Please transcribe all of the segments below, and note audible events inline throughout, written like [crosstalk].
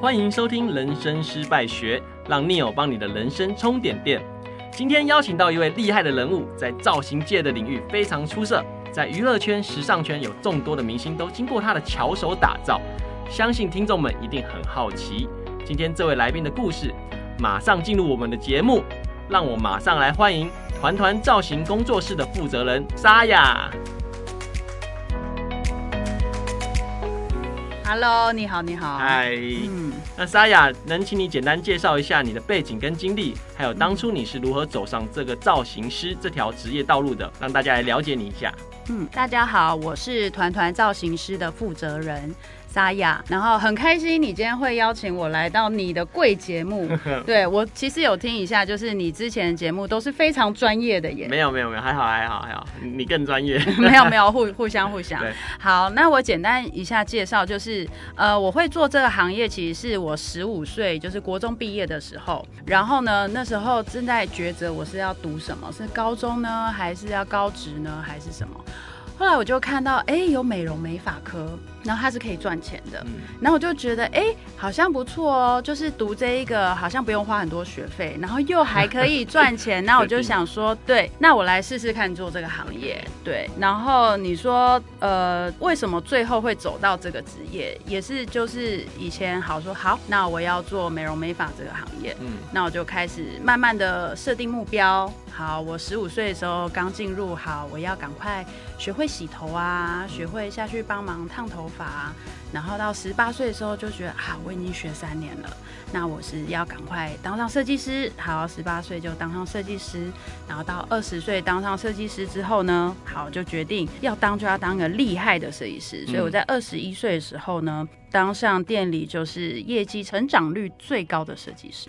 歡迎收聽《人生失敗學》，讓 Neo 幫你的人生充點電。今天邀請到一位厲害的人物，在造型界的領域非常出色，在娛樂圈、時尚圈有眾多的明星都經過他的巧手打造。相信聽眾們一定很好奇，今天這位來賓的故事。馬上進入我們的節目，讓我馬上來歡迎團團造型工作室的負責人，Saya Hello，你好，你好。嗨。那 Saya，能請你簡單介紹一下你的背景跟經歷，還有當初你是如何走上這個造型師這條職業道路的，讓大家來了解你一下。嗯，大家好，我是團團造型師的負責人。Saya，然後很開心，你今天會邀請我來到你的貴節目。對，我其實有聽一下，就是你之前的節目都是非常專業的耶。沒有沒有沒有，還好還好還好，你更專業。 [laughs] 沒有沒有互互相互相。好，那我簡單一下介紹，就是呃，我會做這個行業，其實是我十五歲，就是國中畢業的時候，然後呢，那時候正在抉擇我是要讀什麼，是高中呢，還是要高職呢，還是什麼？後來我就看到，哎，有美容美髮科。然後它是可以賺錢的，嗯，然後我就覺得哎，好像不錯哦，就是讀這一個好像不用花很多學費，然後又還可以賺錢， [laughs] 那我就想說對，那我來試試看做這個行業對。然後你說呃，為什麼最後會走到這個職業？也是就是以前好說好，那我要做美容美髮這個行業，嗯，那我就開始慢慢的設定目標。好，我十五歲的時候剛進入，好，我要趕快學會洗頭啊，嗯，學會下去幫忙燙頭髮。然後到十八歲的時候就覺得啊，我已經學三年了，那我是要趕快當上設計師。好，十八歲就當上設計師，然後到二十歲當上設計師之後呢，好，就決定要當就要當個厲害的設計師。所以我在二十一歲的時候呢，當上店裡就是業績成長率最高的設計師，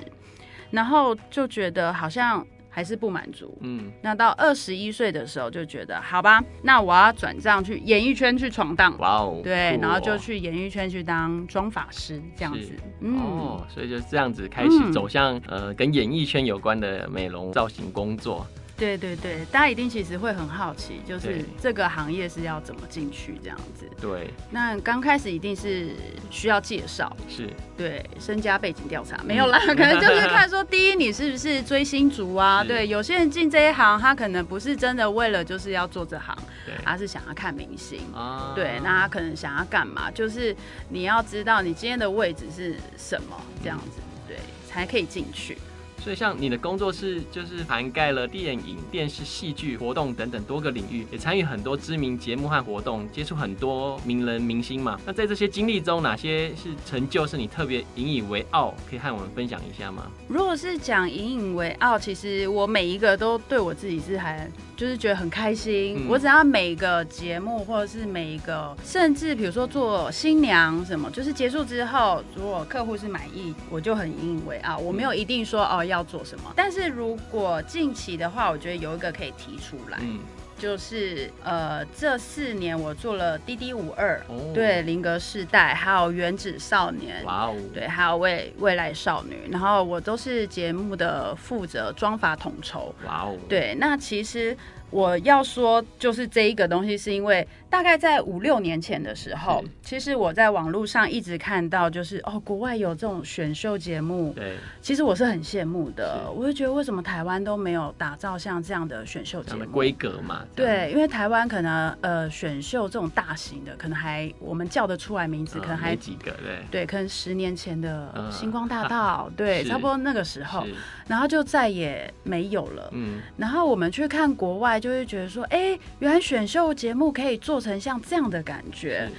然後就覺得好像。還是不滿足，嗯，那到二十一歲的時候就覺得，好吧，那我要轉賬去演藝圈去闖蕩，哇、wow, 哦，對，然後就去演藝圈去當妝髮師這樣子、嗯，哦，所以就這樣子開始走向、嗯、呃跟演藝圈有關的美容造型工作。對對對，大家一定其實會很好奇，就是這個行業是要怎麼進去這樣子。對，那剛開始一定是需要介紹，是對，身家背景調查沒有啦，可能就是看說，第 [laughs] 一你是不是追星族啊？對，有些人進這一行，他可能不是真的為了就是要做這行，對，而是想要看明星。啊、嗯，對，那他可能想要幹嘛？就是你要知道你今天的位置是什麼這樣子、嗯，對，才可以進去。所以，像你的工作室就是涵蓋了電影、電視、戲劇、活動等等多個領域，也參與很多知名節目和活動，接觸很多名人、明星嘛。那在這些經歷中，哪些是成就，是你特別引以為傲？可以和我們分享一下嗎？如果是講引以為傲，其實我每一個都對我自己是還。就是覺得很開心，嗯。我只要每一個節目，或者是每一個，甚至比如說做新娘什麼，就是結束之後，如果客戶是滿意，我就很引以為傲。嗯。我沒有一定說哦要做什麼，但是如果近期的話，我覺得有一個可以提出來。嗯。就是呃，這四年我做了《滴滴五二》對《林格世代》，還有《原子少年》哇哦，對，還有未《未未來少女》，然後我都是節目的負責妝髮統籌哇哦，wow. 對，那其實我要說就是這一個東西，是因為。大概在五六年前的時候，其實我在網絡上一直看到，就是哦，國外有這種選秀節目。對，其實我是很羨慕的。我就覺得，為什麼台灣都沒有打造像這樣的選秀節目？規格嘛，對，因為台灣可能呃，選秀這種大型的，可能還我們叫得出來名字，可能還、呃、幾個，對對，可能十年前的星光大道，呃、對，哈哈對，差不多那個時候，然後就再也沒有了。嗯，然後我們去看國外，就會覺得說，哎、欸，原來選秀節目可以做。做成像這樣的感覺，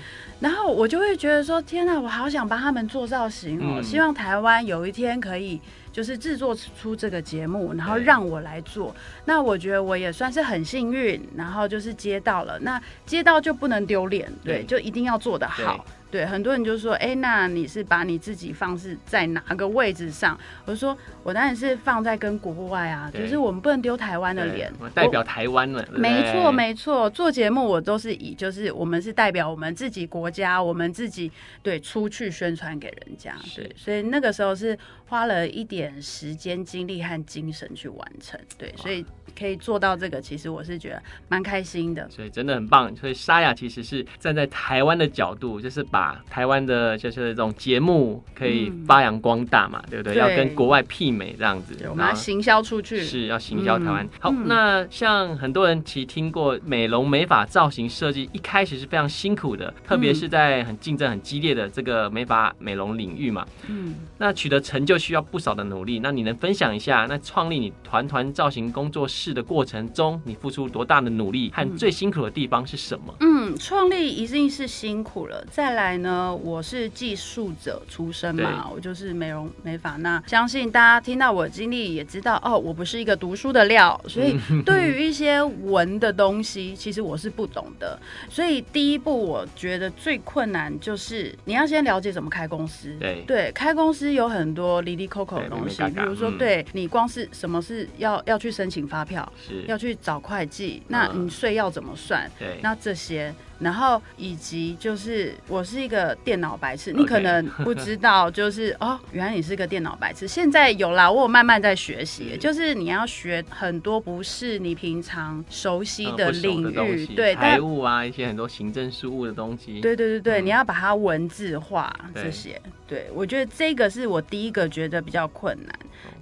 然後我就會覺得說：天吶、啊，我好想幫他們做造型哦！嗯、希望台灣有一天可以就是製作出這個節目，然後讓我來做。那我覺得我也算是很幸運，然後就是接到了。那接到就不能丟臉，對，就一定要做得好。對，很多人就說：“哎、欸，那你是把你自己放置在哪個位置上？”我就說：“我當然是放在跟國外啊，可、就是我們不能丟台灣的臉，我代表台灣了。”沒錯，沒錯，做節目我都是以，就是我們是代表我們自己國家，我們自己，對，出去宣傳給人家，是。對，所以那個時候是花了一點時間、精力和精神去完成。對，所以。可以做到這個，其實我是覺得蠻開心的，所以真的很棒。所以 Saya 其實是站在台灣的角度，就是把台灣的就是這種節目可以發揚光大嘛，嗯、對不對？對，要跟國外媲美這樣子，把它行銷出去，是要行銷台灣、嗯。好、嗯，那像很多人其實聽過美容美髮造型設計，一開始是非常辛苦的，特別是在很競爭很激烈的這個美髮美容領域嘛。嗯，那取得成就需要不少的努力。那你能分享一下，那創立你團團造型工作室，試的過程中，你付出多大的努力和最辛苦的地方是什麼？嗯，創立一定是辛苦了。再來呢，我是技術者出身嘛，我就是美容美髮，那相信大家聽到我的經歷，也知道哦，我不是一個讀書的料，所以對於一些文的東西， [laughs] 其實我是不懂的。所以第一步，我覺得最困難就是你要先了解怎麼開公司。對。對，開公司有很多哩哩摳摳的東西，比如說，嗯、對你光是什麼是要要去申請發票。票是要去找會計，那你稅要怎麼算？啊、對那這些。然後以及就是，我是一個電腦白痴，你可能不知道，就是、okay. [laughs] 哦，原來你是個電腦白痴。現在有啦，我有慢慢在學習，就是你要學很多不是你平常熟悉的領域，嗯、對，財務啊但，嗯，一些很多行政事務的東西，對對對對，嗯、你要把它文字化，對這些。對，我覺得這個是我第一個覺得比較困難。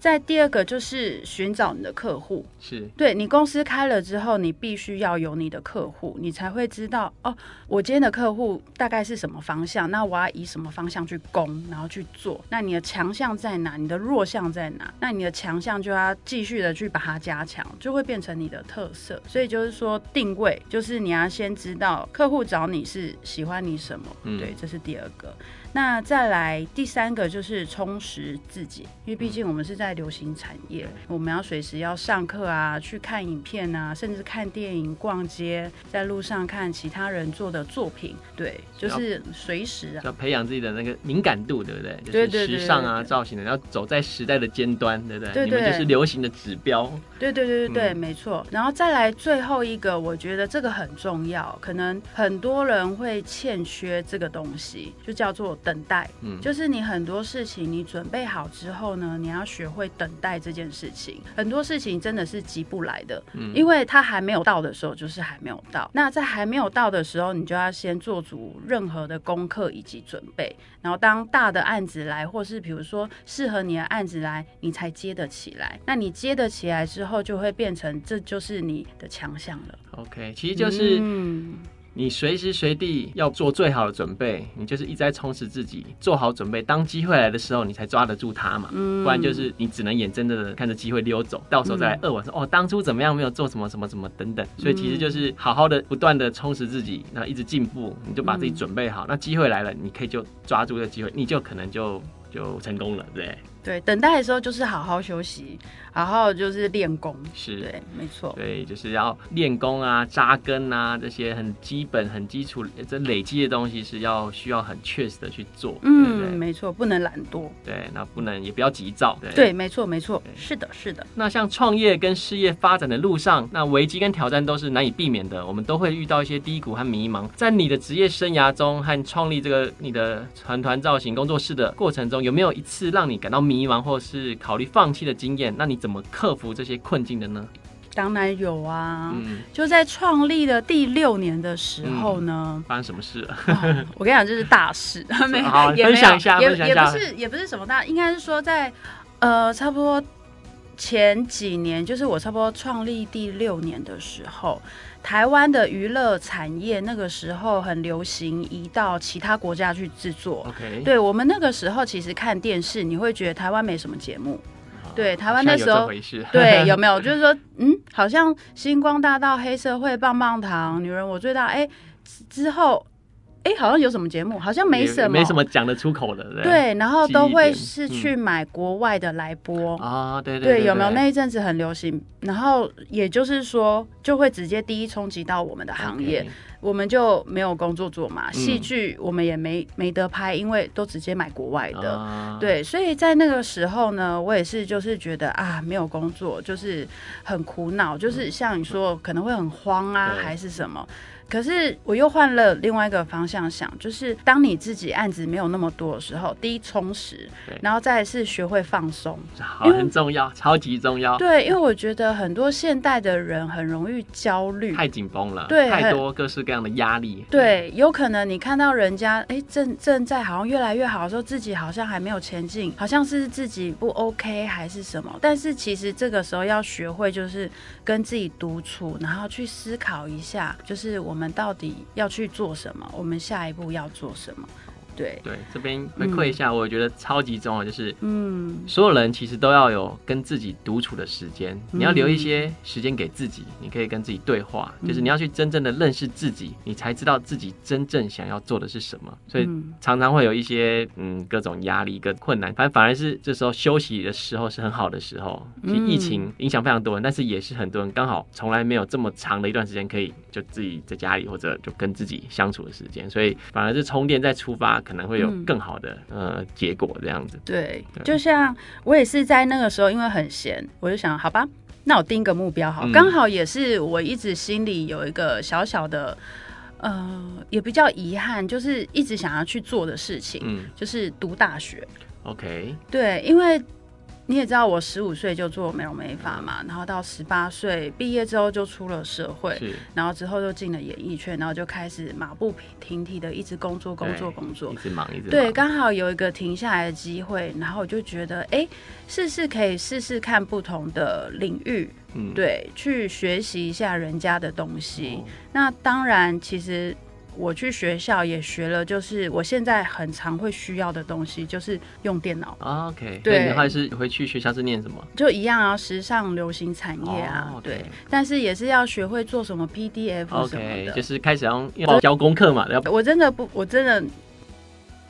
在、嗯、第二個就是尋找你的客戶，是，對你公司開了之後，你必須要有你的客戶，你才會知道。哦，我今天的客戶大概是什麼方向？那我要以什麼方向去攻，然後去做？那你的強項在哪？你的弱項在哪？那你的強項就要繼續的去把它加強，就會變成你的特色。所以就是說，定位就是你要先知道客戶找你是喜歡你什麼。嗯，對，這是第二個。那再來第三個就是充實自己，因為畢竟我們是在流行產業，我們要隨時要上課啊，去看影片啊，甚至看電影、逛街，在路上看其他人做的作品，對，就是隨時啊，要，要培養自己的那個敏感度，對不對？就是時尚啊、造型的、啊，要走在時代的尖端，對不對？對，對,對，你們就是流行的指標。對對對對對，對、嗯，沒錯。然後再來最後一個，我覺得這個很重要，可能很多人會欠缺這個東西，就叫做。等待，嗯，就是你很多事情，你準備好之後呢，你要學會等待這件事情。很多事情真的是急不來的，嗯，因為它還沒有到的時候，就是還沒有到。那在還沒有到的時候，你就要先做足任何的功課以及準備。然後，當大的案子來，或是比如說適合你的案子來，你才接得起來。那你接得起來之後，就會變成這就是你的強項了。OK，其實就是，嗯。你隨時隨地要做最好的準備，你就是一直在充實自己，做好準備。當機會來的時候，你才抓得住它嘛、嗯。不然就是你只能眼睜睜的看着機會溜走，到時候再來扼腕說哦，當初怎麼樣沒有做什麼什麼什麼等等。所以其實就是好好的不斷的充實自己，然後一直進步，你就把自己準備好。嗯、那機會來了，你可以就抓住這個機會，你就可能就就成功了，對。對，等待的時候就是好好休息，然後就是練功。是，對，沒錯，對，就是要練功啊，扎根啊，這些很基本，很基礎，這累積的東西是要需要很確實的去做。對對嗯，沒錯，不能懶惰。對，那不能也不要急躁對。對，沒錯，沒錯，是的，是的。那像創業跟事業發展的路上，那危機跟挑戰都是難以避免的，我們都會遇到一些低谷和迷茫。在你的職業生涯中和創立這個你的團團造型工作室的過程中，有沒有一次讓你感到？迷茫，或是考慮放棄的經驗，那你怎麼克服這些困境的呢？當然有啊，嗯、就在創立的第六年的時候呢，嗯、發生什麼事了、 [laughs] 哦？我跟你講，這是大事。也沒有，好，也沒有，分享一下，也，也，分享一下。也不是，也不是什麼大，應該是說在呃差不多。前幾年就是我差不多創立第六年的時候，台灣的娛樂產業那個時候很流行移到其他國家去製作。Okay. 對我們那個時候其實看電視，你會覺得台灣沒什麼節目。對，台灣那時候有對有沒有就是說，嗯，好像《星光大道》《黑社會》《棒棒糖》《女人我最大》哎、欸，之後。欸，好像有什麼節目，好像沒什麼，沒什麼講得出口的。對。對，然後都會是去買國外的來播啊，對、嗯、對。有沒有那一陣子很流行？然後也就是說，就會直接第一衝擊到我們的行業，Okay. 我們就沒有工作做嘛，戲、嗯、劇我們也沒沒得拍，因為都直接買國外的、啊。對，所以在那個時候呢，我也是就是覺得啊，沒有工作，就是很苦惱，就是像你說、嗯、可能會很慌啊，還是什麼。可是我又換了另外一個方向想，就是當你自己案子沒有那麼多的時候，第一充實，然後再是學會放鬆，好，很重要，超級重要。對，因為我覺得很多現代的人很容易焦慮，太緊繃了，對，太多各式各樣的壓力對。對，有可能你看到人家哎、欸、正正在好像越來越好的時候，自己好像還沒有前進，好像是自己不 OK 還是什麼？但是其實這個時候要學會就是跟自己獨處，然後去思考一下，就是我們。我們到底要去做什麼？我們下一步要做什麼？對對，這邊回饋一下、嗯，我覺得超級重要，就是嗯，所有人其實都要有跟自己獨處的時間、嗯，你要留一些時間給自己，你可以跟自己對話、嗯，就是你要去真正的認識自己，你才知道自己真正想要做的是什麼。所以常常會有一些嗯各種壓力跟困難，反正反而是這時候休息的時候是很好的時候。其實疫情影響非常多人，但是也是很多人剛好從來沒有這麼長的一段時間可以就自己在家裡或者就跟自己相處的時間，所以反而是充電再出發。可能會有更好的、嗯、呃結果這樣子。對、嗯，就像我也是在那個時候，因為很閒，我就想，好吧，那我定個目標好，剛、嗯、好也是我一直心裡有一個小小的呃，也比較遺憾，就是一直想要去做的事情，嗯、就是讀大學。OK，對，因為。你也知道我十五歲就做美容美髮嘛、嗯，然後到十八歲畢業之後就出了社會，然後之後就進了演藝圈，然後就開始馬不停蹄的一直工作工作工作，一直忙一直忙。對，剛好有一個停下來的機會，然後我就覺得，哎，試試可以試試看不同的領域，嗯、對，去學習一下人家的東西。嗯、那當然，其實。我去學校也學了，就是我現在很常會需要的東西，就是用電腦。OK，對，然後還是回去學校是念什麼？就一樣啊，時尚流行產業啊，oh, okay. 對。但是也是要學會做什麼 PDF、okay. 什麼的，就是開始要，要交功課嘛。要。我真的不，我真的。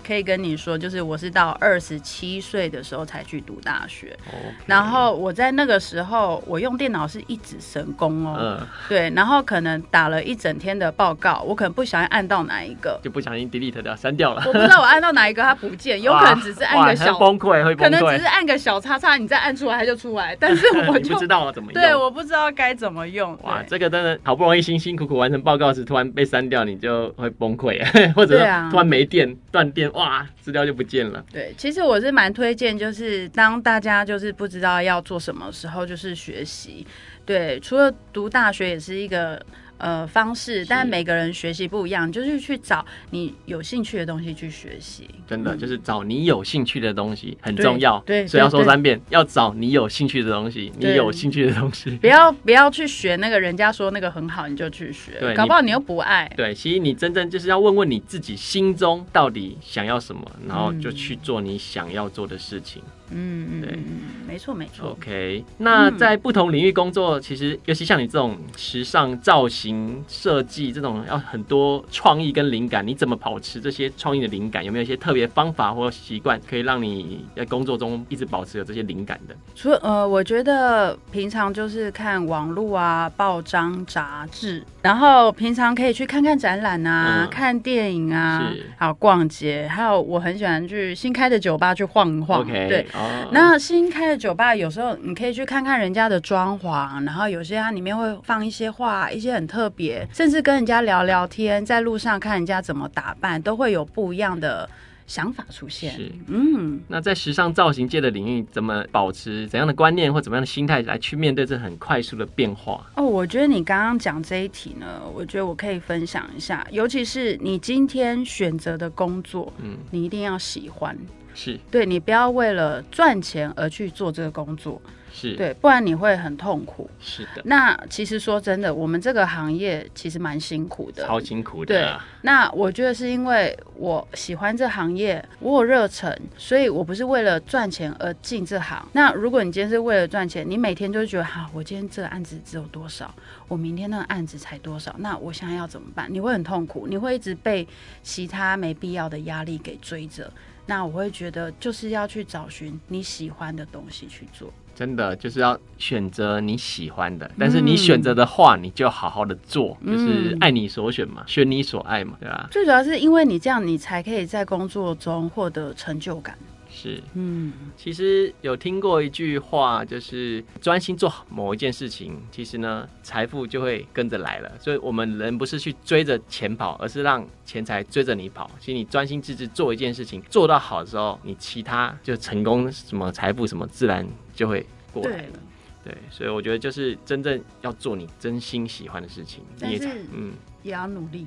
可以跟你說，就是我是到二十七歲的時候才去讀大學，Okay. 然後我在那個時候，我用電腦是一指神功哦，嗯，對，然後可能打了一整天的報告，我可能不小心按到哪一個，就不小心 delete 掉，刪掉了，我不知道我按到哪一個，它不見，有可能只是按個小崩潰會崩潰，可能只是按個小叉叉，你再按出來它就出來，但是我就呵呵不知道怎麼用，對，我不知道該怎麼用，哇，這個真的好不容易辛辛苦苦完成報告時，突然被刪掉，你就會崩潰，或者突然沒電斷電。哇，資料就不見了。對，其實我是蠻推薦，就是當大家就是不知道要做什麼時候，就是學習。對，除了讀大學，也是一個。呃，方式，但每個人學習不一樣，就是去找你有興趣的東西去學習。真的、嗯，就是找你有興趣的東西很重要。對，所以要說三遍，對對對，要找你有興趣的東西，你有興趣的東西， [laughs] 不要不要去學那個人家說那個很好，你就去學，對，搞不好你又不愛。對，其實你真正就是要問問你自己心中到底想要什麼，然後就去做你想要做的事情。嗯嗯,嗯，對，嗯，沒錯，沒錯。OK，那在不同領域工作、嗯，其實尤其像你這種時尚造型設計這種，要很多創意跟靈感，你怎麼保持這些創意的靈感？有沒有一些特別方法或習慣可以讓你在工作中一直保持有這些靈感的？除了呃，我覺得平常就是看網絡啊、報章、雜誌，然後平常可以去看看展覽啊、嗯、看電影啊，還有逛街，還有我很喜歡去新開的酒吧去晃一晃。OK，對。那新開的酒吧，有時候你可以去看看人家的裝潢，然後有些它裡面會放一些畫，一些很特別，甚至跟人家聊聊天，在路上看人家怎麼打扮，都會有不一樣的想法出現。是，嗯。那在時尚造型界的領域，怎麼保持怎樣的觀念或怎麼樣的心態來去面對這很快速的變化？哦，我覺得你剛剛講這一題呢，我覺得我可以分享一下，尤其是你今天選擇的工作，嗯，你一定要喜歡。是對，你不要為了賺錢而去做這個工作，是對，不然你會很痛苦。是的，那其實說真的，我們這個行業其實蠻辛苦的，超辛苦的。對，那我覺得是因為我喜歡這行業，我有熱忱，所以我不是為了賺錢而進這行。那如果你今天是為了賺錢，你每天就覺得哈，啊，我今天這個案子只有多少？我明天那個案子才多少？那我想要怎麼辦？你會很痛苦，你會一直被其他沒必要的壓力給追着。那我會覺得，就是要去找尋你喜歡的東西去做。真的，就是要選擇你喜歡的。但是你選擇的話，你就好好的做，嗯，就是愛你所選嘛，選你所愛嘛，對吧，啊。最主要是因為你這樣，你才可以在工作中獲得成就感。是，嗯，其實有聽過一句話，就是專心做好某一件事情，其實呢，財富就會跟着來了。所以我們人不是去追着錢跑，而是讓錢財追着你跑。其實你專心致志做一件事情，做到好的時候，你其他就成功，什麼財富什麼自然就會過來了，了。對，所以我覺得就是真正要做你真心喜歡的事情，也是嗯，也要努力。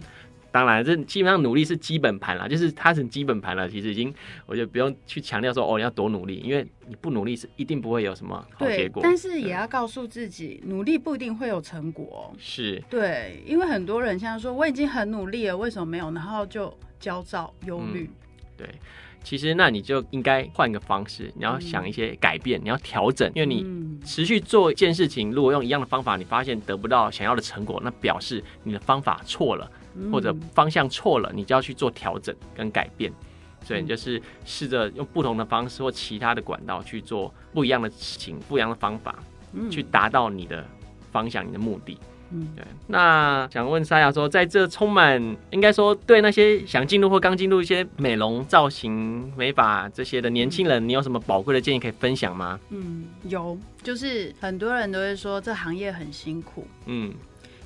當然，這基本上努力是基本盤了，就是它是基本盤了。其實已經，我就不用去強調說哦，你要多努力，因為你不努力是一定不會有什麼好結果。但是也要告訴自己，努力不一定會有成果。是，對，因為很多人現在說我已經很努力了，為什麼沒有？然後就焦躁、憂慮、嗯。對，其實那你就應該換個方式，你要想一些改變，嗯、你要調整，因為你持續做一件事情，如果用一樣的方法，你發現得不到想要的成果，那表示你的方法錯了。或者方向錯了，你就要去做調整跟改變，嗯，所以你就是試着用不同的方式或其他的管道去做不一樣的事情，不一樣的方法，嗯，去達到你的方向、你的目的。嗯，對。那想問沙雅說，在這充滿應該說，對那些想進入或剛進入一些美容、造型、美髮，這些的年輕人，嗯，你有什麼寶貴的建議可以分享嗎？嗯，有，就是很多人都會說，這行業很辛苦。嗯。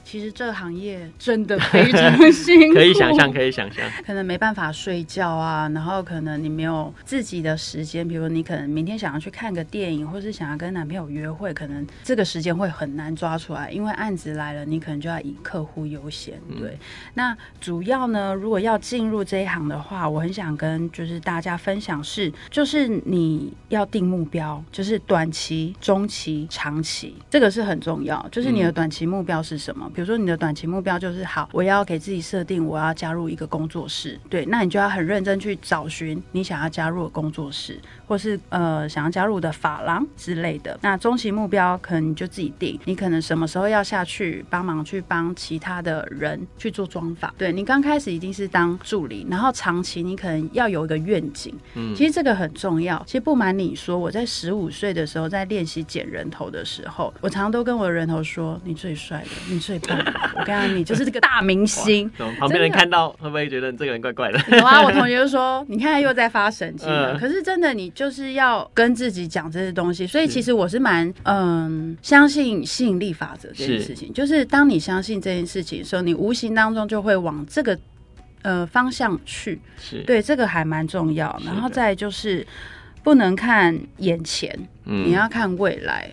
其實這個行業真的非常辛苦 [laughs] 可，可以想象，可以想象，可能沒辦法睡覺啊，然後可能你沒有自己的時間，比如你可能明天想要去看個電影，或是想要跟男朋友約會，可能這個時間會很難抓出來，因為案子來了，你可能就要以客戶優先。對、嗯，那主要呢，如果要進入這一行的話，我很想跟就是大家分享是，就是你要定目標，就是短期、中期、長期，這個是很重要，就是你的短期目標是什麼？嗯比如說你的短期目標就是好，我要給自己設定我要加入一個工作室，對，那你就要很認真去找尋你想要加入的工作室，或是呃想要加入的髮廊之類的。那中期目標可能你就自己定，你可能什麼時候要下去幫忙去幫其他的人去做妝髮。對，你剛開始一定是當助理，然後長期你可能要有一個願景，嗯，其實這個很重要。其實不瞞你說，我在十五歲的時候在練習剪人頭的時候，我常常都跟我的人頭說：“你最帥了，你最。” [laughs] 我告訴你，就是這個大明星，旁邊人看到會不會覺得你這個人怪怪的？有 [laughs] 啊，我同學就說：“你看又在發神經了。呃”可是真的，你就是要跟自己講這些東西。所以其實我是蠻嗯、呃、相信吸引力法則這件事情，就是當你相信這件事情的時候，你無形當中就會往這個呃方向去。是對，這個還蠻重要，然後再就是不能看眼前。嗯、你要看未來，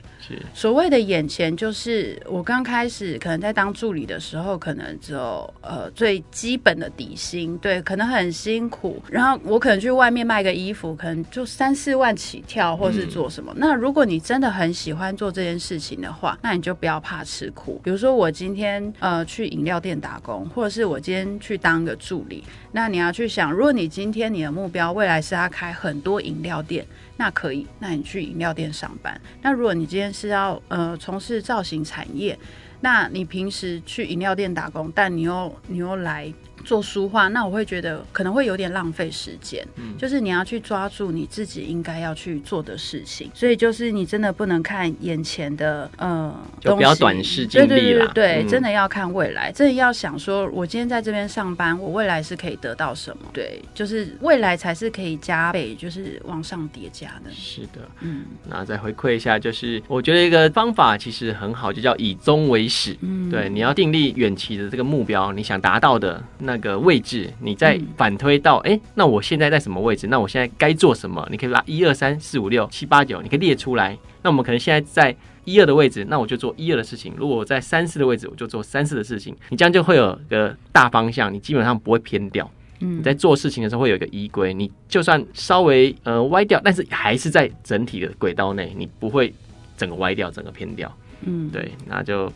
所謂的眼前就是我剛開始可能在當助理的時候，可能只有呃最基本的底薪，對，可能很辛苦。然後我可能去外面賣個衣服，可能就三四萬起跳，或是做什麼。嗯、那如果你真的很喜歡做這件事情的話，那你就不要怕吃苦。比如說我今天呃去飲料店打工，或者是我今天去當個助理，那你要去想，如果你今天你的目標未來是要開很多飲料店。那可以，那你去飲料店上班。那如果你今天是要呃從事造型產業，那你平時去飲料店打工，但你又你又來。做書畫，那我會覺得可能會有點浪費時間。嗯，就是你要去抓住你自己應該要去做的事情。所以就是你真的不能看眼前的，嗯、呃，就比較短視。對對對對、嗯，真的要看未來，真的要想說，我今天在這邊上班，我未來是可以得到什麼？對，就是未來才是可以加倍，就是往上疊加的。是的，嗯，那再回饋一下，就是我覺得一個方法其實很好，就叫以終為始。嗯，對，你要訂立遠期的這個目標，你想達到的那。那個位置，你再反推到，哎、欸，那我現在在什麼位置？那我現在該做什麼？你可以把一二三四五六七八九，你可以列出來。那我們可能現在在一二的位置，那我就做一二的事情。如果我在三四的位置，我就做三四的事情。你這樣就會有個大方向，你基本上不會偏掉。嗯，你在做事情的時候會有一個依歸，你就算稍微呃歪掉，但是還是在整體的軌道內，你不會整個歪掉，整個偏掉。嗯，對，那就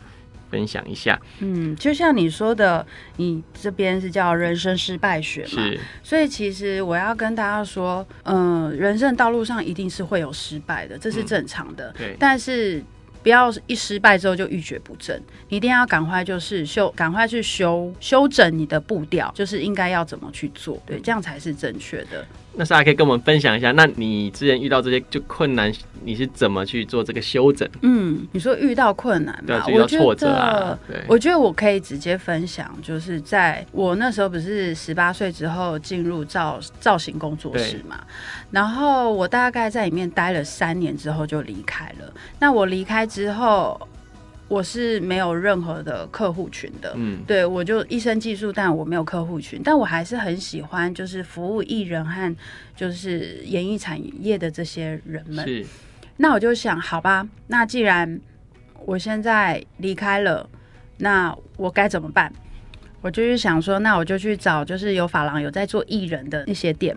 分享一下，嗯，就像你說的，你這邊是叫人生失敗學嘛？是，所以其實我要跟大家說，嗯、呃，人生道路上一定是會有失敗的，這是正常的。嗯、對，但是。不要一失敗之後就一蹶不振，你一定要趕快就是修，趕快去修修整你的步調，就是應該要怎麼去做，對，這樣才是正確的。那莎莎可以跟我們分享一下，那你之前遇到這些就困難，你是怎麼去做這個修整？嗯，你說遇到困難嘛，對，遇到挫折啊，我覺得，對，我覺得我可以直接分享，就是在我那時候不是十八歲之後進入造造型工作室嘛，然後我大概在裡面待了三年之後就離開了。那我離開。之後我是沒有任何的客戶群的，嗯，對，我就一身技術，但我沒有客戶群，但我還是很喜歡就是服務藝人和就是演藝產業的這些人們。是，那我就想，好吧，那既然我現在離開了，那我該怎麼辦？我就是想說，那我就去找就是有髮廊、有在做藝人的那些店，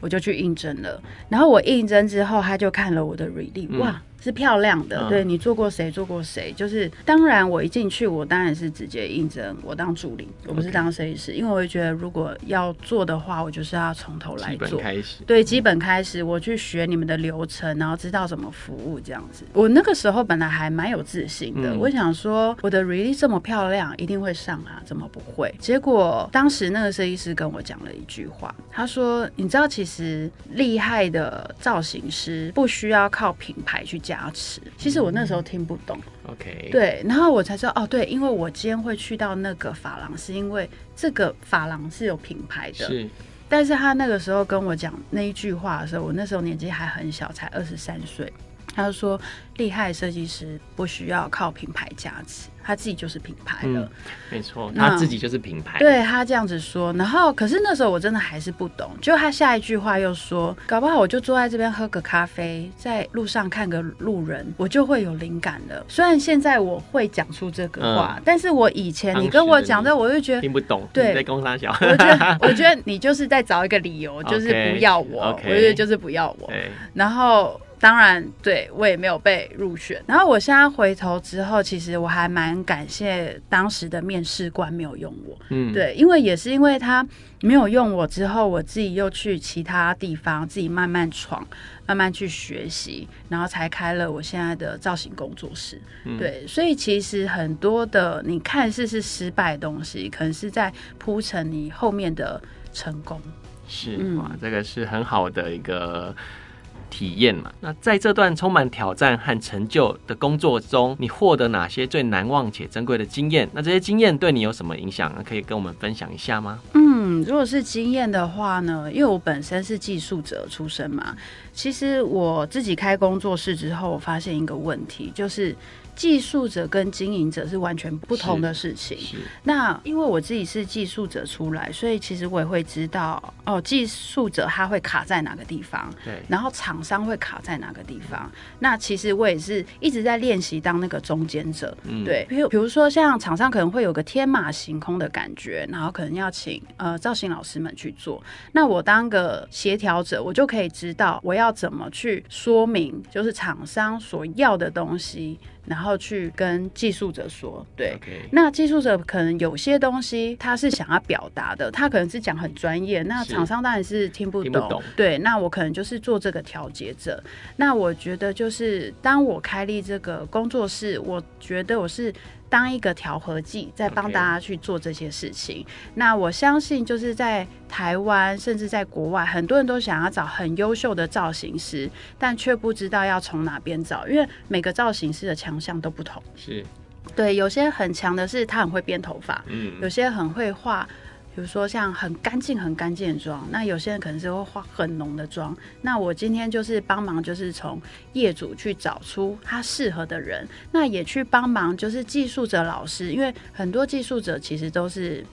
我就去應徵了。然後我應徵之後，他就看了我的履歷，嗯，哇。是漂亮的，啊、對，你做過誰做過誰，就是當然我一進去，我當然是直接應徵我當助理，我不是當設計師，okay. 因為我就覺得如果要做的話，我就是要從頭來做，對，基本開始，我去學你們的流程，然後知道怎麼服務這樣子。嗯、我那個時候本來還蠻有自信的，嗯、我想說我的 release 這麼漂亮，一定會上啊，怎麼不會？結果當時那個設計師跟我講了一句話，他說：“你知道，其實厲害的造型師不需要靠品牌去講。”加持，其實我那時候聽不懂，OK，對，然後我才知道哦，對，因為我今天會去到那個髮廊，是因為這個髮廊是有品牌的，是，但是他那個時候跟我講那一句話的時候，我那時候年紀還很小，才二十三歲，他就說，厲害設計師不需要靠品牌加持。他自己就是品牌了，嗯、沒錯，他自己就是品牌。對他這樣子說，然後，可是那時候我真的還是不懂。就他下一句話又說：“搞不好我就坐在這邊喝個咖啡，在路上看個路人，我就會有靈感了。”雖然現在我會講出這個話、嗯，但是我以前你跟我講的、嗯，我就覺得聽不懂。對，你在攻三小，我覺得，我覺得你就是在找一個理由，okay, 就是不要我。Okay, okay. 我覺得就是不要我。Okay. 然後。當然，對，我也沒有被入選。然後我現在回頭之後，其實我還蠻感謝當時的面試官沒有用我。嗯，對，因為也是因為他沒有用我之後，我自己又去其他地方，自己慢慢闖，慢慢去學習，然後才開了我現在的造型工作室、嗯。對，所以其實很多的你看似是失敗的東西，可能是在鋪陳你後面的成功。是、嗯、哇，這個是很好的一個。體驗嘛，那在這段充滿挑戰和成就的工作中，你獲得哪些最難忘且珍貴的經驗？那這些經驗對你有什麼影響？可以跟我們分享一下嗎？嗯，如果是經驗的話呢，因為我本身是技術者出身嘛，其實我自己開工作室之後，我發現一個問題就是。技術者跟經營者是完全不同的事情。是。是。那因為我自己是技術者出來，所以其實我也會知道哦，技術者他會卡在哪個地方。對。然後廠商會卡在哪個地方？那其實我也是一直在練習當那個中間者。嗯。對。比如，比如說像廠商可能會有個天馬行空的感覺，然後可能要請呃造型老師們去做。那我當個協調者，我就可以知道我要怎麼去說明，就是廠商所要的東西。然後去跟技術者說，對，okay. 那技術者可能有些東西他是想要表達的，他可能是講很專業，那廠商當然是，聽不，是聽不懂，對，那我可能就是做這個調節者。那我覺得就是當我開立這個工作室，我覺得我是。當一個調和劑，在幫大家去做這些事情。Okay. 那我相信，就是在台灣，甚至在國外，很多人都想要找很優秀的造型師，但卻不知道要從哪邊找，因為每個造型師的強項都不同。是，對，有些很強的是他很會編頭髮，嗯，有些很會畫。比如說像很乾淨、很乾淨的妝，那有些人可能是會畫很濃的妝。那我今天就是幫忙，就是從業主去找出他適合的人，那也去幫忙，就是技術者老師，因為很多技術者其實都是，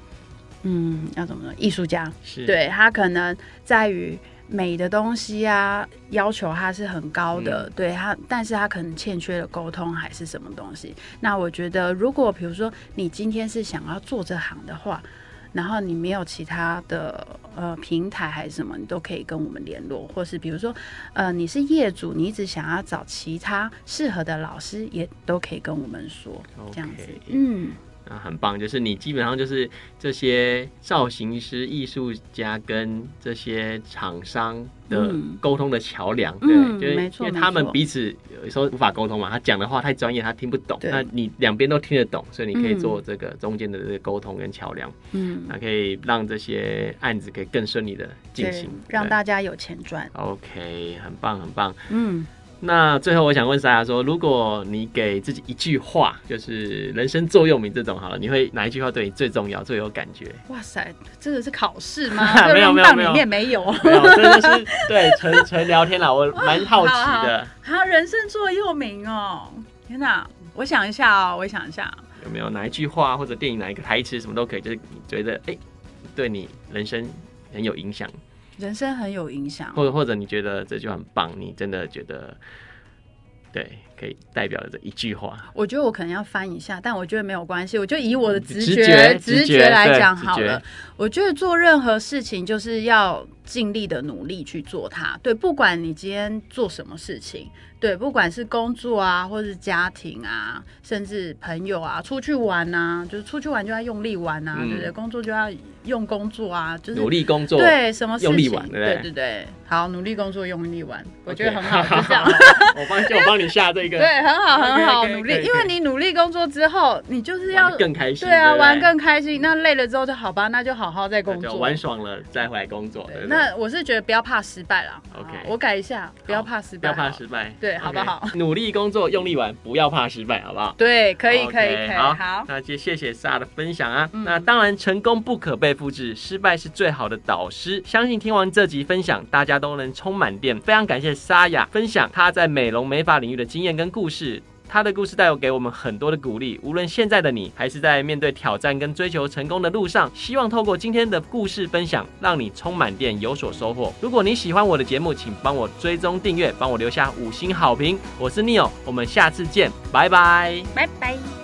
嗯，要怎麼說藝術家，對他可能在於美的東西啊，要求他是很高的，嗯、對他，但是他可能欠缺了溝通還是什麼東西。那我覺得，如果比如說你今天是想要做這行的話，然後你沒有其他的呃平台還是什麼，你都可以跟我們聯絡，或是比如說呃你是業主，你一直想要找其他適合的老師，也都可以跟我們說，okay. 這樣子，嗯。啊，很棒！就是你基本上就是這些造型師、藝術家跟這些廠商的溝通的橋梁，嗯，對，就是因為他們彼此有時候無法溝通嘛，他講的話太專業，他聽不懂，那你兩邊都聽得懂，所以你可以做這個中間的這個溝通跟橋梁，嗯，那可以讓這些案子可以更順利的進行，讓大家有錢賺。OK，很棒，很棒，嗯。那最後我想問 Saya 說，如果你給自己一句話，就是人生座右銘這種好了，你會哪一句話對你最重要、最有感覺？哇塞，這個是考試嗎？ [laughs] 沒有、這個、裡面沒有沒有，沒有，真的、 [laughs] 就是對純純聊天了。我蠻好奇的，有、啊啊、人生座右銘哦、喔，天吶，我想一下哦、喔，我想一下，有沒有哪一句話或者電影哪一個台詞什麼都可以，就是你覺得哎、欸，對你人生很有影響。人生很有影響，或者或者你覺得這句話很棒，你真的覺得對。可以代表着一句話，我覺得我可能要翻一下，但我覺得沒有關係。我就以我的直覺，直覺，直覺，直覺來講好了。我覺得做任何事情就是要盡力的努力去做它。對，不管你今天做什麼事情，對，不管是工作啊，或是家庭啊，甚至朋友啊，出去玩啊，就是出去玩就要用力玩啊，對、嗯、對不對？工作就要用工作啊，就是努力工作，對，什麼事情用力玩對對，對對對，好，努力工作，用力玩，我覺得很好，Okay. 這樣。 [laughs] 我幫，我幫你下這。 [laughs] 對，很好，很好，努力，因為你努力工作之後，你就是要更開心，對啊對，玩更開心。那累了之後就好吧，那就好好再工作，就玩爽了再回來工作。那我是覺得不要怕失敗了。OK，我改一下，不要怕失敗，不要怕失敗，對，okay. 好不好？努力工作，用力玩，不要怕失敗，好不好？對，可以，okay, 可以，可以，好。那接謝謝沙的分享啊。嗯、那當然，成功不可被複製，失敗是最好的導師。相信聽完這集分享，大家都能充滿電。非常感謝 Saya 分享她在美容美髮領域的經驗。跟故事，他的故事帶有給我們很多的鼓勵。無論現在的你，還是在面對挑戰跟追求成功的路上，希望透過今天的故事分享，讓你充滿電，有所收穫。如果你喜歡我的節目，請幫我追蹤訂閱，幫我留下五星好評。我是 Neo，我們下次見，拜拜，拜拜。